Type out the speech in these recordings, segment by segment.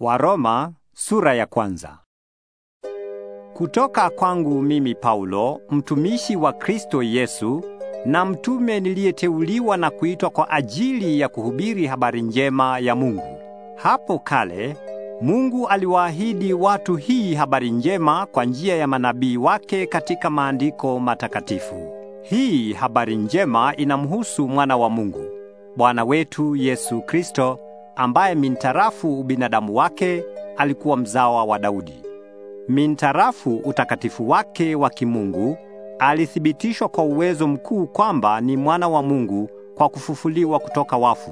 Waroma sura ya kwanza. Kutoka kwangu mimi Paulo, mtumishi wa Kristo Yesu na mtume niliyeteuliwa na kuitwa kwa ajili ya kuhubiri habari njema ya Mungu. Hapo kale Mungu aliwaahidi watu hii habari njema kwa njia ya manabii wake katika maandiko matakatifu. Hii habari njema inamhusu mwana wa Mungu, Bwana wetu Yesu Kristo ambaye mintarafu ubinadamu wake alikuwa mzawa wa Daudi. Mintarafu utakatifu wake wa kimungu alithibitishwa kwa uwezo mkuu kwamba ni mwana wa Mungu kwa kufufuliwa kutoka wafu.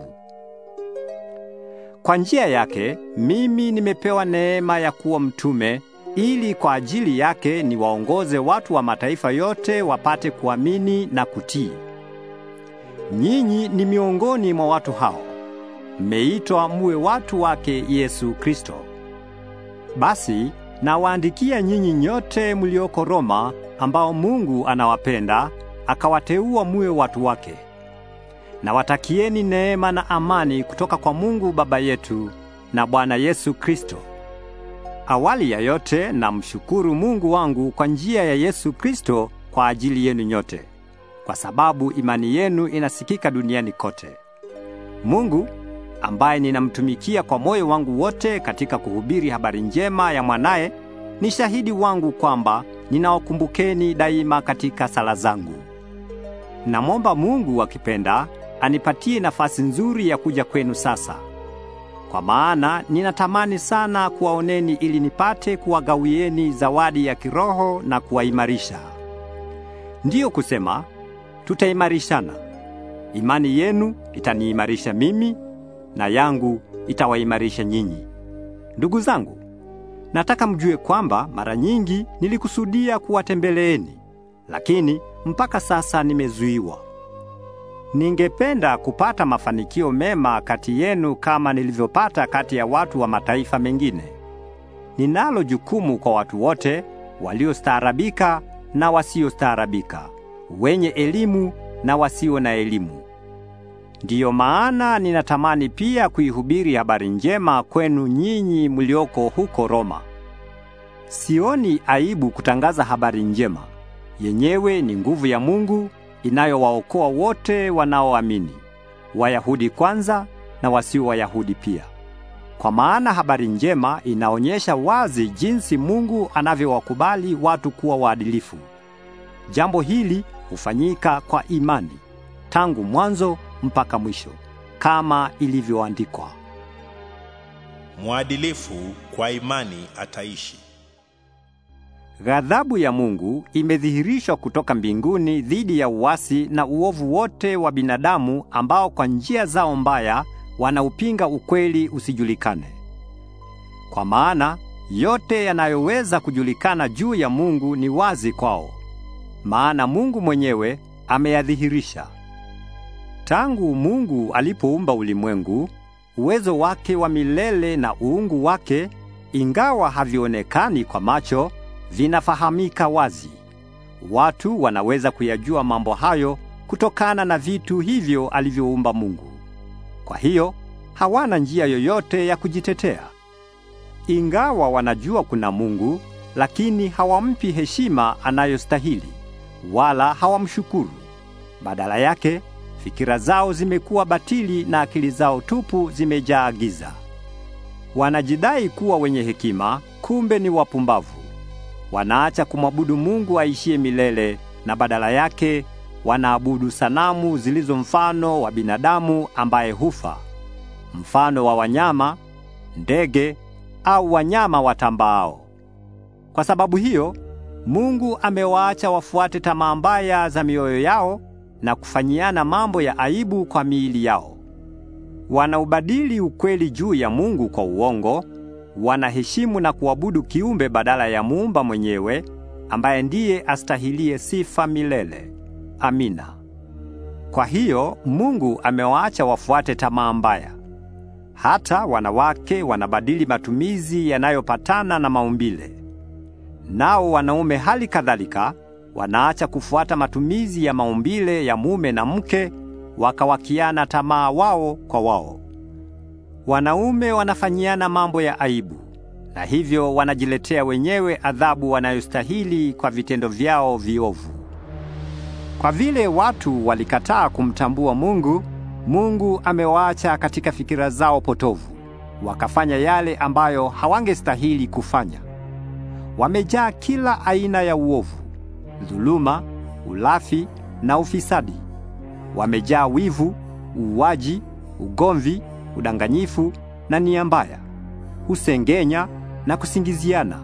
Kwa njia yake mimi nimepewa neema ya kuwa mtume ili kwa ajili yake niwaongoze watu wa mataifa yote wapate kuamini na kutii. Nyinyi ni miongoni mwa watu hao mmeitwa muwe watu wake Yesu Kristo. Basi nawaandikia nyinyi nyote mlioko Roma, ambao Mungu anawapenda akawateua muwe watu wake. Nawatakieni neema na amani kutoka kwa Mungu Baba yetu na Bwana Yesu Kristo. Awali ya yote namshukuru Mungu wangu kwa njia ya Yesu Kristo kwa ajili yenu nyote, kwa sababu imani yenu inasikika duniani kote. Mungu ambaye ninamtumikia kwa moyo wangu wote katika kuhubiri habari njema ya mwanaye, ni shahidi wangu kwamba ninawakumbukeni daima katika sala zangu. Namwomba Mungu akipenda anipatie nafasi nzuri ya kuja kwenu sasa, kwa maana ninatamani sana kuwaoneni ili nipate kuwagawieni zawadi ya kiroho na kuwaimarisha. Ndiyo kusema tutaimarishana. Imani yenu itaniimarisha mimi na yangu itawaimarisha nyinyi. Ndugu zangu, nataka mjue kwamba mara nyingi nilikusudia kuwatembeleeni, lakini mpaka sasa nimezuiwa. Ningependa kupata mafanikio mema kati yenu kama nilivyopata kati ya watu wa mataifa mengine. Ninalo jukumu kwa watu wote waliostaarabika na wasiostaarabika, wenye elimu na wasio na elimu. Ndiyo maana ninatamani pia kuihubiri habari njema kwenu nyinyi mlioko huko Roma. Sioni aibu kutangaza habari njema. Yenyewe ni nguvu ya Mungu inayowaokoa wote wanaoamini. Wayahudi kwanza na wasio Wayahudi pia. Kwa maana habari njema inaonyesha wazi jinsi Mungu anavyowakubali watu kuwa waadilifu. Jambo hili hufanyika kwa imani tangu mwanzo mpaka mwisho, kama ilivyoandikwa, mwadilifu kwa imani ataishi. Ghadhabu ya Mungu imedhihirishwa kutoka mbinguni dhidi ya uasi na uovu wote wa binadamu ambao kwa njia zao mbaya wanaupinga ukweli usijulikane. Kwa maana yote yanayoweza kujulikana juu ya Mungu ni wazi kwao, maana Mungu mwenyewe ameyadhihirisha. Tangu Mungu alipoumba ulimwengu, uwezo wake wa milele na uungu wake, ingawa havionekani kwa macho, vinafahamika wazi. Watu wanaweza kuyajua mambo hayo kutokana na vitu hivyo alivyoumba Mungu. Kwa hiyo, hawana njia yoyote ya kujitetea. Ingawa wanajua kuna Mungu, lakini hawampi heshima anayostahili wala hawamshukuru. Badala yake Fikira zao zimekuwa batili na akili zao tupu zimejaa giza. Wanajidai kuwa wenye hekima, kumbe ni wapumbavu. Wanaacha kumwabudu Mungu aishiye milele na badala yake wanaabudu sanamu zilizo mfano wa binadamu ambaye hufa, mfano wa wanyama, ndege au wanyama watambaao. Kwa sababu hiyo, Mungu amewaacha wafuate tamaa mbaya za mioyo yao na kufanyiana mambo ya aibu kwa miili yao. Wanaubadili ukweli juu ya Mungu kwa uongo, wanaheshimu na kuabudu kiumbe badala ya muumba mwenyewe ambaye ndiye astahilie sifa milele. Amina. Kwa hiyo Mungu amewaacha wafuate tamaa mbaya. Hata wanawake wanabadili matumizi yanayopatana na maumbile. Nao wanaume hali kadhalika wanaacha kufuata matumizi ya maumbile ya mume na mke, wakawakiana tamaa wao kwa wao. Wanaume wanafanyiana mambo ya aibu, na hivyo wanajiletea wenyewe adhabu wanayostahili kwa vitendo vyao viovu. Kwa vile watu walikataa kumtambua Mungu, Mungu amewaacha katika fikira zao potovu, wakafanya yale ambayo hawangestahili kufanya. Wamejaa kila aina ya uovu dhuluma, ulafi na ufisadi. Wamejaa wivu, uuaji, ugomvi, udanganyifu na nia mbaya. Husengenya na kusingiziana.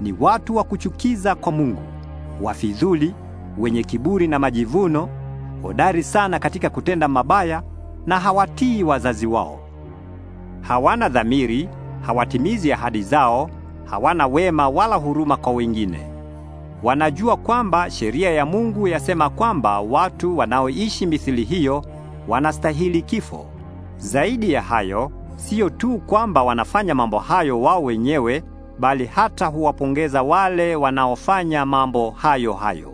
Ni watu wa kuchukiza kwa Mungu, wafidhuli, wenye kiburi na majivuno, hodari sana katika kutenda mabaya na hawatii wazazi wao. Hawana dhamiri, hawatimizi ahadi zao, hawana wema wala huruma kwa wengine. Wanajua kwamba sheria ya Mungu yasema kwamba watu wanaoishi mithili hiyo wanastahili kifo. Zaidi ya hayo, sio tu kwamba wanafanya mambo hayo wao wenyewe, bali hata huwapongeza wale wanaofanya mambo hayo hayo.